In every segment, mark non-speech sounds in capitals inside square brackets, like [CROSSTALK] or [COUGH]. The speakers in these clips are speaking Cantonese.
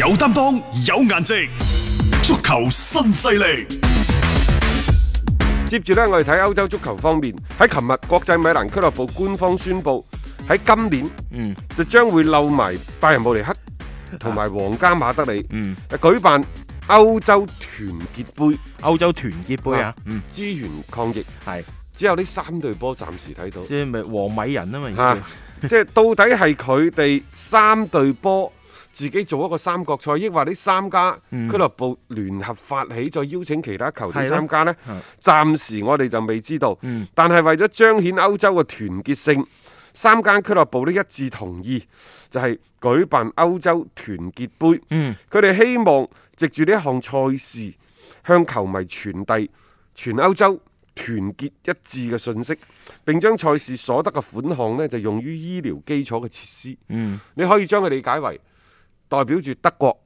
有擔當，有顏值，足球新勢力。接住咧，我哋睇歐洲足球方面。喺琴日，國際米蘭俱樂部官方宣布，喺今年嗯，就將會漏埋拜仁慕尼黑同埋皇家馬德里嗯，舉辦歐洲團結盃。歐洲團結盃啊，嗯支援、啊啊、抗疫係。嗯、只有呢三隊波暫時睇到，是即係咪黃米人啊嘛？吓，即係 [LAUGHS] 到底係佢哋三隊波。自己做一個三國賽，抑或呢三家俱樂部聯合發起，再邀請其他球隊參加。呢暫時我哋就未知道。嗯、但係為咗彰顯歐洲嘅團結性，三間俱樂部都一致同意，就係、是、舉辦歐洲團結盃。佢哋、嗯、希望藉住呢一項賽事，向球迷傳遞全歐洲團結一致嘅訊息，並將賽事所得嘅款項呢就用於醫療基礎嘅設施。嗯、你可以將佢理解為。代表住德國、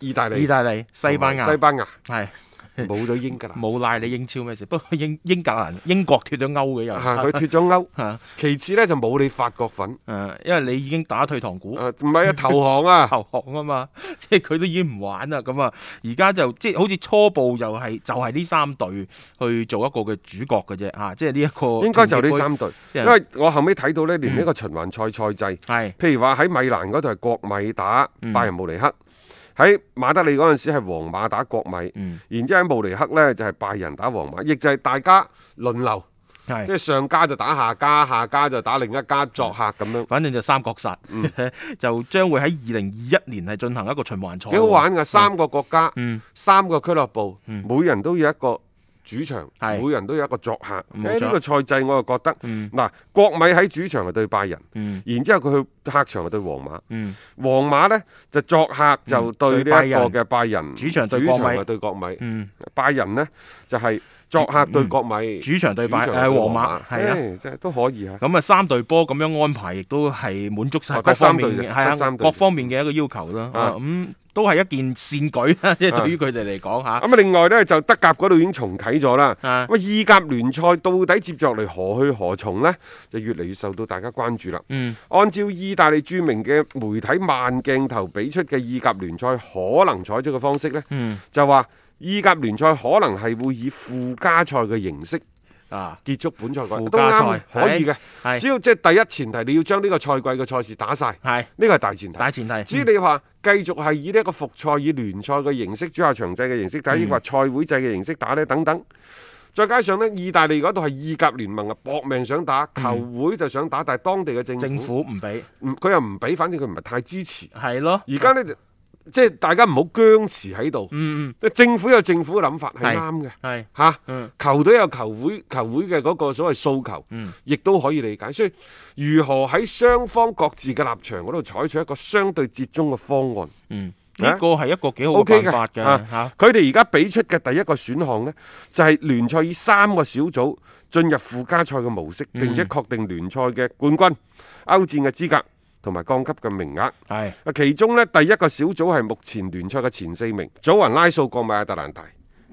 意大利、意大利、西班牙、西班牙，係。冇咗英格蘭，冇 [LAUGHS] 賴你英超咩事？不過英英格蘭、英國脫咗歐嘅人，佢脫咗歐。啊、其次咧就冇你法國份、啊，因為你已經打退堂鼓。唔係啊，啊，投降啊， [LAUGHS] 投降啊嘛！即係佢都已經唔玩啦。咁啊，而家就即係好似初步又係就係、是、呢、就是、三隊去做一個嘅主角嘅啫。嚇、啊，即係呢一個應該就呢三隊，就是、因為我後尾睇到咧，連一個循環賽賽制，係、嗯、譬如話喺米蘭嗰度係國米打拜仁慕尼黑。嗯喺馬德里嗰陣時係皇馬打國米，嗯、然之後喺慕尼黑呢就係、是、拜仁打皇馬，亦就係大家輪流，是即係上家就打下家，下家就打另一家、嗯、作客咁樣，反正就三國殺，嗯、 [LAUGHS] 就將會喺二零二一年係進行一個循環賽，幾好玩噶，嗯、三個國家，嗯、三個俱樂部，嗯、每人都有一個。主場每人都有一個作客，喺呢、沒錯、個賽制我又覺得，嗱、嗯、國米喺主場係對拜仁，嗯、然之後佢去客場係對皇馬，嗯、皇馬呢，就作客就對呢、嗯、一個嘅拜仁，主場對國米，國米嗯、拜仁呢，就係、是。作客對國米，主場對拜，誒皇馬，係啊，即係都可以啊。咁啊，三隊波咁樣安排，亦都係滿足晒各方面嘅各方面嘅一個要求咯。咁都係一件善舉啦，即係對於佢哋嚟講嚇。咁啊，另外呢，就德甲嗰度已經重啟咗啦。咁意甲聯賽到底接落嚟何去何從呢？就越嚟越受到大家關注啦。嗯，按照意大利著名嘅媒體慢鏡頭俾出嘅意甲聯賽可能採取嘅方式呢，就話。意甲聯賽可能係會以附加賽嘅形式啊結束本賽季，都啱，可以嘅。只要即係第一前提，你要將呢個賽季嘅賽事打晒，係呢個係大前提。大前提。至於你話繼續係以呢一個複賽、以聯賽嘅形式、主下場制嘅形式打，抑或賽會制嘅形式打呢等等。再加上呢，意大利嗰度係意甲聯盟啊，搏命想打，球會就想打，但係當地嘅政府唔俾，佢又唔俾，反正佢唔係太支持。係咯，而家咧就。即係大家唔好僵持喺度，嗯，嗯嗯，政府有政府嘅諗法係啱嘅，係吓是，球隊有球會，球會嘅嗰個所謂訴求，亦都、嗯、可以理解，所以如何喺雙方各自嘅立場嗰度採取一個相對折中嘅方案，嗯，呢個係一個幾好嘅辦法嘅，佢哋而家俾出嘅第一個選項呢，就係聯賽以三個小組進入附加賽嘅模式，並且確定聯賽嘅冠軍，軍、歐戰嘅資格。同埋降級嘅名額係，啊是其中咧第一個小組係目前聯賽嘅前四名，祖雲拉素國米亞特蘭大，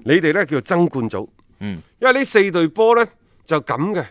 你哋咧叫做爭冠組，嗯，因為四隊呢四隊波咧就咁嘅。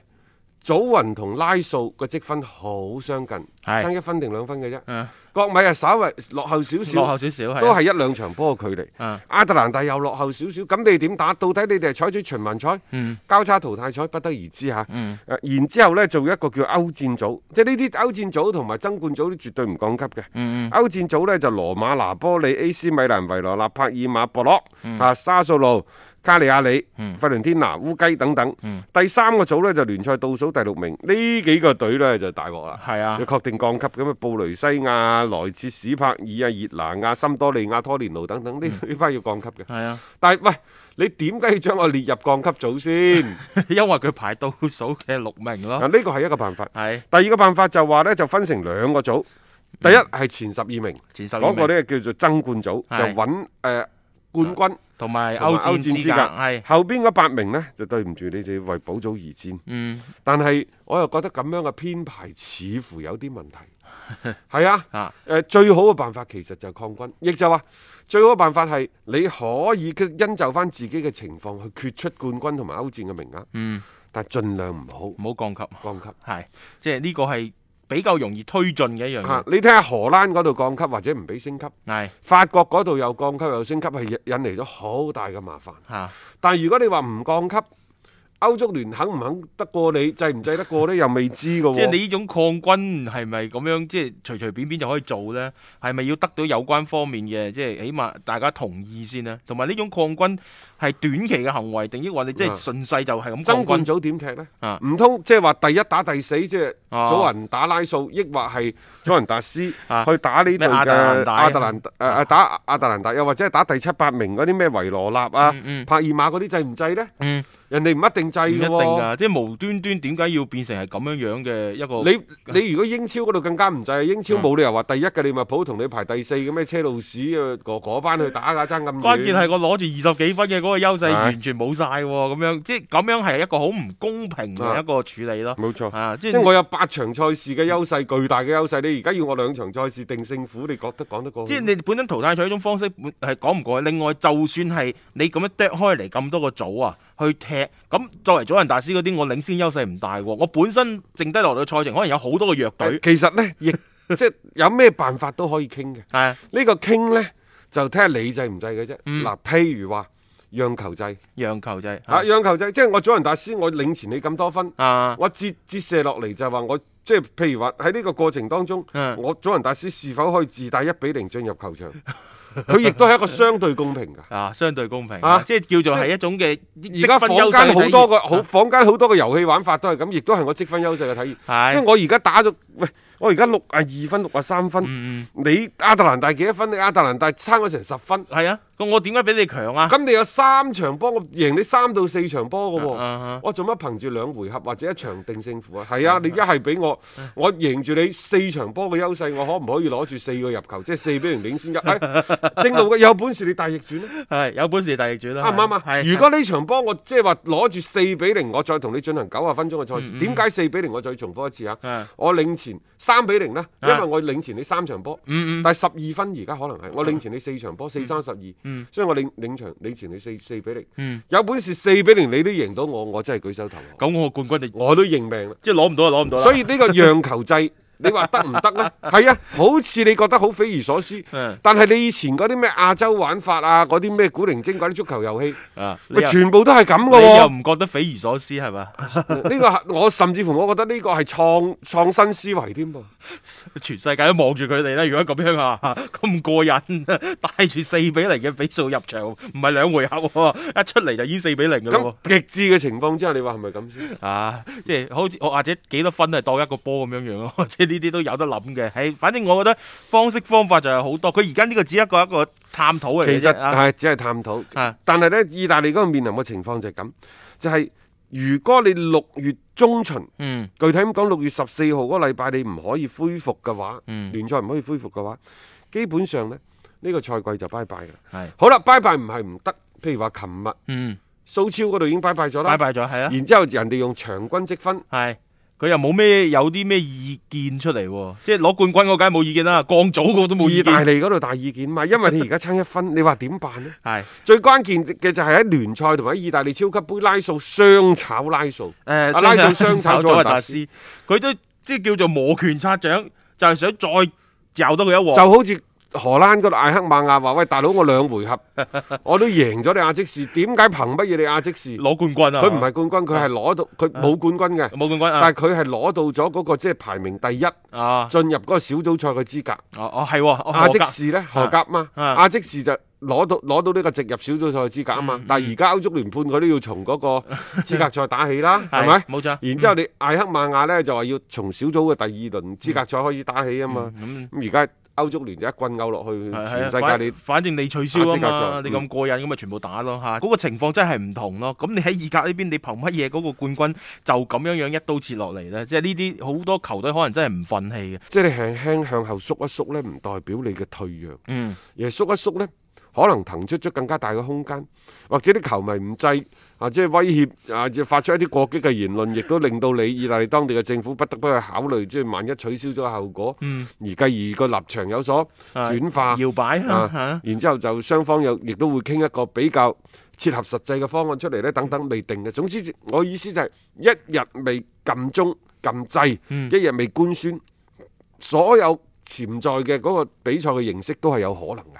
祖雲同拉素個積分好相近，爭一分定兩分嘅啫。國米係稍微落後少少，落後少少都係一兩場波距離。亞特蘭大又落後少少，咁你點打？到底你哋係採取循環賽、交叉淘汰賽，不得而知嚇。然之後呢，做一個叫歐戰組，即係呢啲歐戰組同埋爭冠組都絕對唔降級嘅。歐戰組呢，就羅馬、拿波利、AC 米蘭、維羅納、帕爾馬、博洛、嚇沙素路。加利亞里、費倫天拿、烏雞等等。第三個組咧就聯賽倒數第六名，呢幾個隊咧就大鑊啦。係啊，要確定降級咁啊！布雷西亞、萊切、史柏爾啊、熱蘭亞、森多利亞、托連奴等等，呢呢班要降級嘅。係啊，但係喂，你點解要將我列入降級組先？因為佢排倒數嘅六名咯。嗱，呢個係一個辦法。係。第二個辦法就話咧，就分成兩個組，第一係前十二名，嗰個咧叫做爭冠組，就揾誒。冠軍同埋歐戰資格，係是後邊嗰八名呢，就對唔住，你哋要為保組而戰。嗯，但係我又覺得咁樣嘅編排似乎有啲問題。係、嗯、啊，誒、啊，最好嘅辦法其實就係抗軍，亦就話最好嘅辦法係你可以因就翻自己嘅情況去決出冠軍同埋歐戰嘅名額。嗯，但係盡量唔好唔好降級，降級係即係呢個係。比較容易推進嘅一樣嘢，啊，你睇下荷蘭嗰度降級或者唔俾升級，是法國嗰度又降級又升級，係引嚟咗好大嘅麻煩。是但如果你話唔降級。歐足聯肯唔肯得過你，制唔制得過咧？又未知嘅喎。即係 [LAUGHS] 你呢種擴軍係咪咁樣，即、就、係、是、隨隨便便就可以做呢？係咪要得到有關方面嘅，即、就、係、是、起碼大家同意先咧？同埋呢種擴軍係短期嘅行為，定抑或你即係順勢就係咁擴軍？早點、啊、踢呢？唔通即係話第一打第四，即係祖雲打拉素，抑或係祖雲達斯去打呢隊嘅亞特蘭達、亞特蘭達，又、啊啊、或者係打第七八名嗰啲咩維羅納、啊、帕爾馬嗰啲，制唔制呢？人哋唔一定制、哦、一定噶，即係無端端點解要變成係咁樣樣嘅一個？你你如果英超嗰度更加唔制，英超冇理由話第一嘅，利物浦同你排第四嘅咩？車路士嗰班去打噶，爭咁遠。關鍵係我攞住二十幾分嘅嗰、嗰個優勢，完全冇晒喎。咁樣即係咁樣係一個好唔公平嘅一個處理咯。冇錯、啊啊，即係是我有八場賽事嘅優勢，巨大嘅優勢。你而家要我兩場賽事定勝負，你覺得講得過？即係你本身淘汰賽呢種方式係講唔過。另外，就算係你咁樣剁開嚟咁多個組啊。去踢咁，作為祖雲大師嗰啲，我領先優勢唔大喎。我本身剩低落嚟嘅賽程，可能有好多個弱隊。其實呢，亦 [LAUGHS] 即係有咩辦法都可以傾嘅。係呢 [LAUGHS] 個傾呢，就睇下你制唔制嘅啫。嗱、嗯，譬如話讓球制，讓球制嚇，啊、讓球制、啊、讓球制即係我祖雲大師，我領前你咁多分啊，我折折射落嚟就係話我即係譬如話喺呢個過程當中， [LAUGHS] 我祖雲大師是否可以自帶一比零進入球場？ [LAUGHS] 佢亦都係一個相對公平㗎，啊，相對公平，啊，即係是叫做係一種嘅，而家坊間好多個好坊 [LAUGHS] 間好多個遊戲玩法都係咁，亦都係我積分優勢嘅體驗，的因為我而家打咗。喂，我而家六啊二分，六啊三分，你亞特蘭大幾多分？你亞特蘭大差咗成十分，係啊，我點解比你強啊？咁你有三場波，我贏你三到四場波噶喎，啊啊、我做乜憑住兩回合或者一場定勝負啊？係啊，你而家係俾我，我贏住你四場波嘅優勢，我可唔可以攞住四個入球，即係四比零領先一？哎、 [LAUGHS] 正路嘅有本事你大逆轉啦，係有本事大逆轉啦。啱唔啱啊，是如果呢場波我即係話攞住四比零，我, 0, 我再同你進行九啊分鐘嘅賽事，點解四比零我再重複一次啊？我領三比零咧，因為我領前你三場波，嗯嗯、但係十二分而家可能係我領前你四場波，四三十二，32，嗯、所以我領領場領前你四四比零，嗯、有本事四比零你都贏到我，我真係舉手投降。咁我冠軍，我都認命，即係攞唔到就攞唔到。所以呢個讓球制。 [LAUGHS] 你話得唔得呢？係啊，好似你覺得好匪夷所思，但係你以前嗰啲咩亞洲玩法啊，嗰啲咩古靈精怪啲足球遊戲啊，全部都係咁噶喎！你又唔覺得匪夷所思係嘛？呢個我甚至乎我覺得呢個係創創新思維添噃！全世界都望住佢哋啦！如果咁樣啊，咁過癮，帶住四比零嘅比數入場，唔係兩回合喎，一出嚟就依四比零噶啦！極致嘅情況之下，你話係咪咁先？啊，即係好似我或者幾多分係當一個波咁樣樣咯，呢啲都有得諗嘅，係反正我覺得方式方法就係好多。佢而家呢個只一個一個探討嚟嘅啫，其實係只係探討。係，但係呢，意大利嗰個面臨嘅情況就係咁，就係、係、如果你六月中旬，嗯，具體咁講，六月十四號嗰個禮拜你唔可以恢復嘅話，嗯，聯賽唔可以恢復嘅話，基本上呢，呢、呢個賽季就拜拜㗎喇。係，係好啦，拜拜唔係唔得。譬如話、啊，琴日，嗯，蘇超嗰度已經拜拜咗啦，拜拜咗係啊。然之後人哋用場均積分，係係。佢又冇咩有啲咩意見出嚟喎？即係攞冠軍我梗係冇意見啦，降組我都冇意見。意大利嗰度大意見嘛，因為你而家差一分， [LAUGHS] 你話點辦呢？係是最關鍵嘅就係喺聯賽同喺意大利超級杯拉素雙炒拉素。誒、啊，炒拉素雙炒佐達斯，佢都即係叫做摩拳擦掌，就係、是、想再嚼多佢一鑊。就好似。荷蘭嗰度艾克馬亞，話喂，大佬，我兩回合我都贏咗你亞積士，點解憑乜嘢你亞積士攞冠軍啊？佢唔係冠軍，佢係攞到佢冇冠軍嘅，冇冠軍。但係佢係攞到咗嗰個即係排名第一啊，進入嗰個小組賽嘅資格。哦哦係，亞積士呢？荷甲嘛，亞積士就攞到攞到呢個直入小組賽嘅資格啊嘛。但係而家歐足聯判佢都要從嗰個資格賽打起啦，係咪？冇錯。然之後你艾克馬亞呢，就話要從小組嘅第二輪資格賽開始打起啊嘛。咁而家歐足聯就一棍勾落去，是啊，是啊全世界你反，反正你取消啊嘛、嗯、你咁過癮咁咪全部打咯嚇，嗰、啊嗰個情況真係唔同咯。咁你喺意甲呢邊，你憑乜嘢嗰個冠軍就咁樣樣一刀切落嚟咧？即係呢啲好多球隊可能真係唔憤氣嘅。即係你輕輕向後縮一縮咧，唔代表你嘅退讓。嗯，而係縮一縮咧。可能騰出咗更加大嘅空間，或者啲球迷唔制啊，即係威脅啊，發出一啲過激嘅言論，亦都令到你意大利當地嘅政府不得不去考慮，即係萬一取消咗後果，嗯、而繼而個立場有所轉化、啊、搖擺嚇、啊啊啊。然之後就雙方又亦都會傾一個比較切合實際嘅方案出嚟咧，等等未定嘅。總之，我意思就係、是、一日未撳鐘撳掣，嗯、一日未官宣，所有潛在嘅嗰個比賽嘅形式都係有可能嘅。